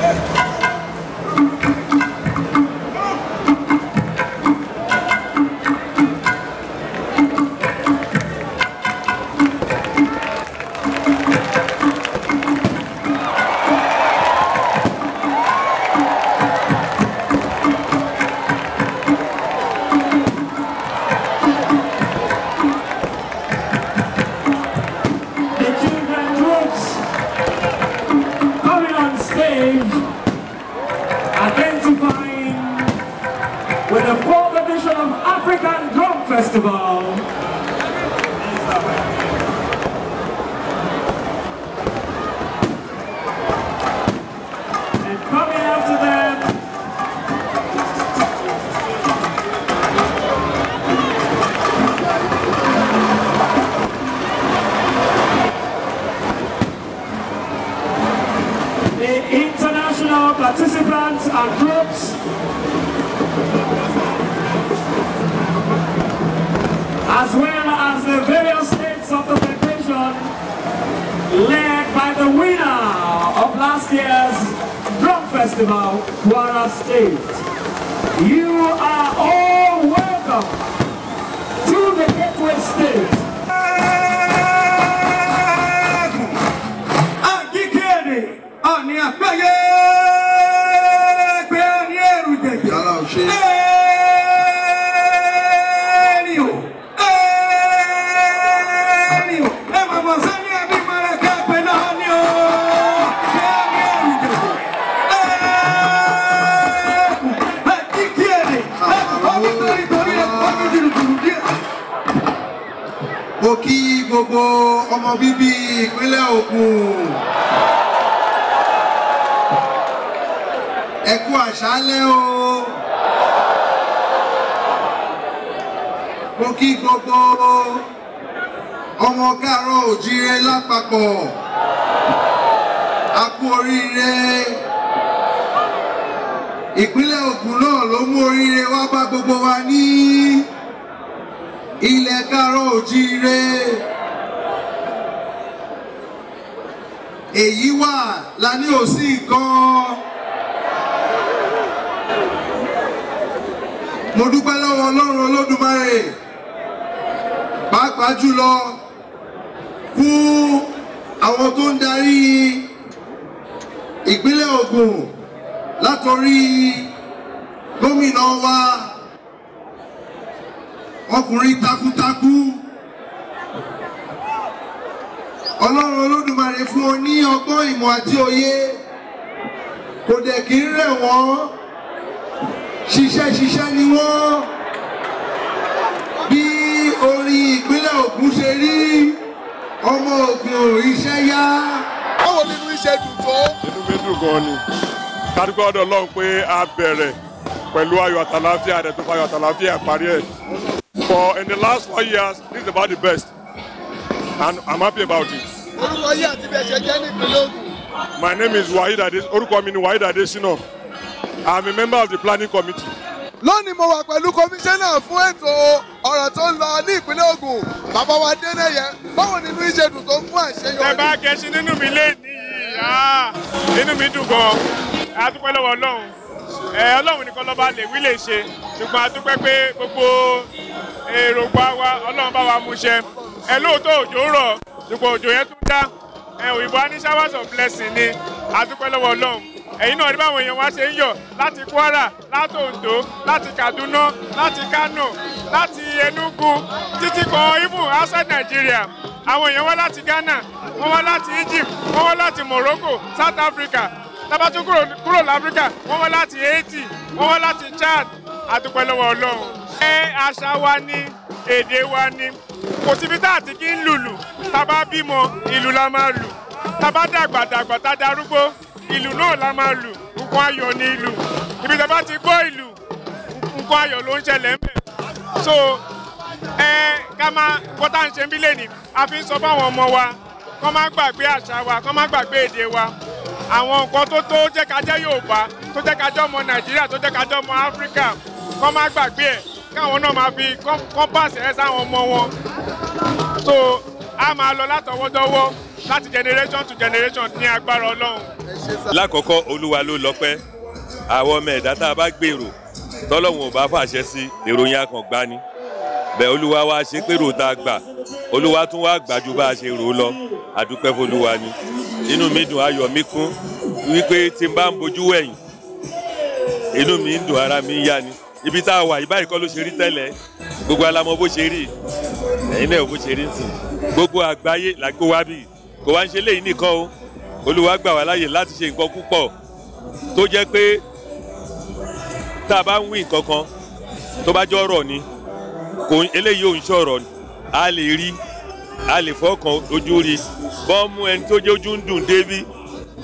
Yeah. with the fourth edition of African Drum Festival. participants and groups as well as the various states of the federation led by the winner of last year's drum festival, Guara State. You are all welcome to the Gateway State. ọmọ bíbí ìpínlẹ̀ Ògùn ẹ àṣálẹ́ o mo kí gbogbo ọmọ káàárọ̀ òjíire lápapọ̀ a kú oríire ìpínlẹ̀ Ògùn náà ló mú oríire wá bá gbogbo wa ní ilẹ̀ káàárọ̀ òjíire. èyí wà la ní òsì nǹkan. mo dúpẹ́ lọ́wọ́ ọlọ́run olódùmarè pàápàá jùlọ fún àwọn tó ń darí ìpínlẹ̀ Ògùn látọrí gómìnà wa ọkùnrin takuntakun ọlọ́run olódùmarè fún ọ ní ọgbọ́n ìmọ̀ àti òye kò dẹ̀ kí ń rẹ̀ wọ́n ṣiṣẹ́ ṣiṣẹ́ ni wọ́n bí orin ìpínlẹ̀ Ògùn ṣe rí ọmọ Ògùn iṣẹ́ yá. báwo nínú iṣẹ́ dùn tó. inú mi dùn gan ni kádùkọ́ ọ̀dọ̀ ọlọ́run pé a bẹ̀rẹ̀ pẹ̀lú ayọ̀ àtàlàáfíà rẹ̀ tó fayọ̀ àtàlàáfíà parí ẹ̀. For in the last four years this is about the best and I'm happy about it. Orúkọ yìí àti bẹ́ẹ̀ ṣe jẹ́ ní ìpínlẹ̀ Ògùn. My name is Wahid Ades orúkọ mi ni Wahid Adesina. I'm a member of the planning committee. Lónìí mo wà pẹ̀lú komisanna fún ètò ọ̀rọ̀ tó ń lọ ní ìpínlẹ̀ Ògùn. Bàbá wa Dénẹ́yẹ, báwo nínú ìṣèdùn tó ń fún àṣeyọrí? Ṣé bá kẹ́sí nínú mi lé ní ìyá? Inú mi dùn gan-an. A dúpẹ́ lọ́wọ́ Ọlọ́run. Ẹ Ọlọ́run nìkan lọ́ba lè wí lè ṣe. Ṣùgbọ́n a pé gbogbo èròǹgbà wa Ọlọ́run bá wa mú ṣẹ ẹ lóòótọ́ òjò ń rọ̀ ṣùgbọ́n òjò yẹn tún dá ẹ òyìnbó á ní showers of blessing ni a dúpẹ́ lọ́wọ́ Ọlọ́run ẹ̀yin náà rí báwọn èèyàn wá ṣe ń yọ̀ láti Kwara láti Ondo láti Kaduna láti Kano láti Enugu títí kan even outside Nigeria àwọn èèyàn wá láti Ghana wọ́n wá láti Egypt wọ́n wá láti Morocco South Africa tabatu kúrò kúrò láfíríkà wọ́n wá láti Haiti wọ́n wá láti Chad a dúpẹ́ lọ́wọ́ Ọlọ́run. ẹ àṣà wa ni èdè wa ni kò àti kí ń lùlù tá bímọ ìlù la máa lù tá dàgbà dàgbà tá darúgbó ìlù náà la máa lù nǹkan ayọ̀ ni ìlù ibi tá bá ti gbọ́ ìlù nǹkan ayọ̀ ló ń ṣẹlẹ̀ ń bẹ̀ so ẹ ká máa kọ́tà ń ṣe ń bí lè ní a fi ń sọ fáwọn ọmọ wa kọ́ má gbàgbé àṣà wa kọ́ má gbàgbé èdè wa àwọn nǹkan tó tó jẹ́ ká jẹ́ Yorùbá tó jẹ́ ká jẹ́ ọmọ Nàìjíríà tó jẹ́ ká jẹ́ ọmọ Áfíríkà kọ́ má gbàgbé ẹ̀ káwọn náà máa fi kọ́ pàṣẹ ẹ sáwọn ọmọ wọn so a máa lọ látọwọ́dọ́wọ́ láti generation to generation ní agbára ọlọ́run. lákọ̀ọ́kọ́ olúwa ló lọ́pẹ́ àwọn ọmọ ẹ̀dá tá a bá gbèrò tọ́lọ́hún ò bá fàṣẹ sí èrò yẹn àkàngbá olúwa wa ṣe pé rò tá a gbà olúwa tún wá gbà ju bá a ṣe rò lọ àdúpẹ́ fọlúwa ni inú mi dùn ayọ̀ mi kún wípé tí n bá ń bojú wẹ̀yìn inú mi ń dùn ara mi ń yá ni ibi tá a wà yìí báyìí kọ́ ló ṣe rí tẹ́lẹ̀ gbogbo alamọ bó ṣe rí ẹ̀yin náà ò bó ṣe rí sí gbogbo àgbáyé làgbo wa bì kò wá ń ṣe léyìí nìkan o olúwa gbà wá láàyè láti ṣe nǹkan púpọ̀ tó jẹ́ pé tá a bá ń wí nǹkan kan tó bá jọ ọ̀rọ̀ ni kò eléyìí ò ń ṣọ̀rọ̀ a lè rí a lè fọkàn ojú rí bọ́ọ̀mù ẹni tó jẹ́ ojú ń dùn débi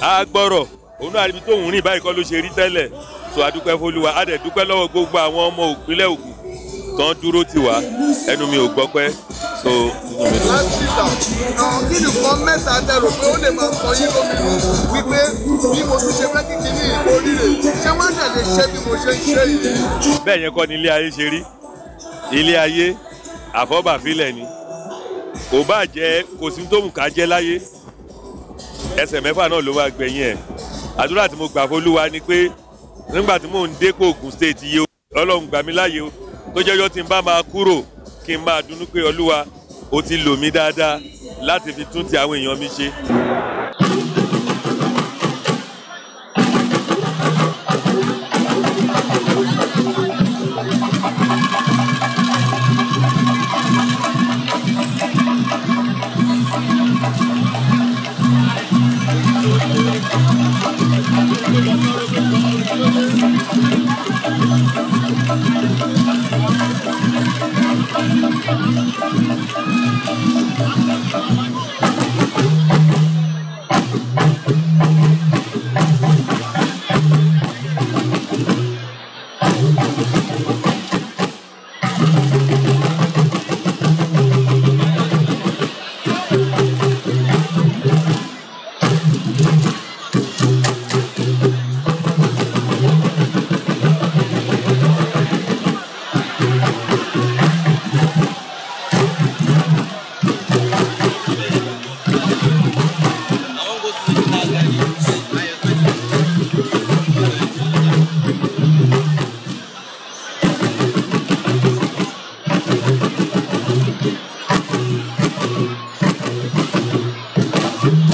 a gbọ́rọ̀ òun náà ibi tóun rìn báyìí kọ́ ló ṣe rí tẹ́lẹ̀ sọ àdúpẹ́ fọlúwa a dẹ̀ dúpẹ́ lọ́wọ́ gbogbo àwọn ọmọ òpínlẹ̀ Ògùn kan dúró tì wá ẹnu mi ò gbọ́ pẹ́ so kí ni nǹkan mẹ́ta tẹ rò pé ó lè máa sọ yín lómi wípé bí mo ti ṣe fẹ́ kíkì ní ìbò rírè ṣé wọ́n ṣẹ̀lẹ̀ ṣe bí mo ṣe ń ṣe yìí. bẹ́ẹ̀ yẹn kọ́ ni ilé ayé ṣe rí ilé ayé àfọ́bàfilẹ̀ ni kò bá jẹ́ kò sí tó mú ká jẹ́ láyé ẹsẹ̀ mẹ́fà náà ló wá gbẹ̀yìn ẹ̀ àdúrà tí mo gbà fọlúwa ni pé nígbà tí mò ń dé kó Ògùn state yìí ọlọ́run gbà mí láyé o tó jẹ́jọ́ tí n bá máa kúrò kí n máa dunnú pé olúwa ó ti lò mí dáadáa láti fi tún ti àwọn èèyàn mi ṣe. Thank you. Thank you.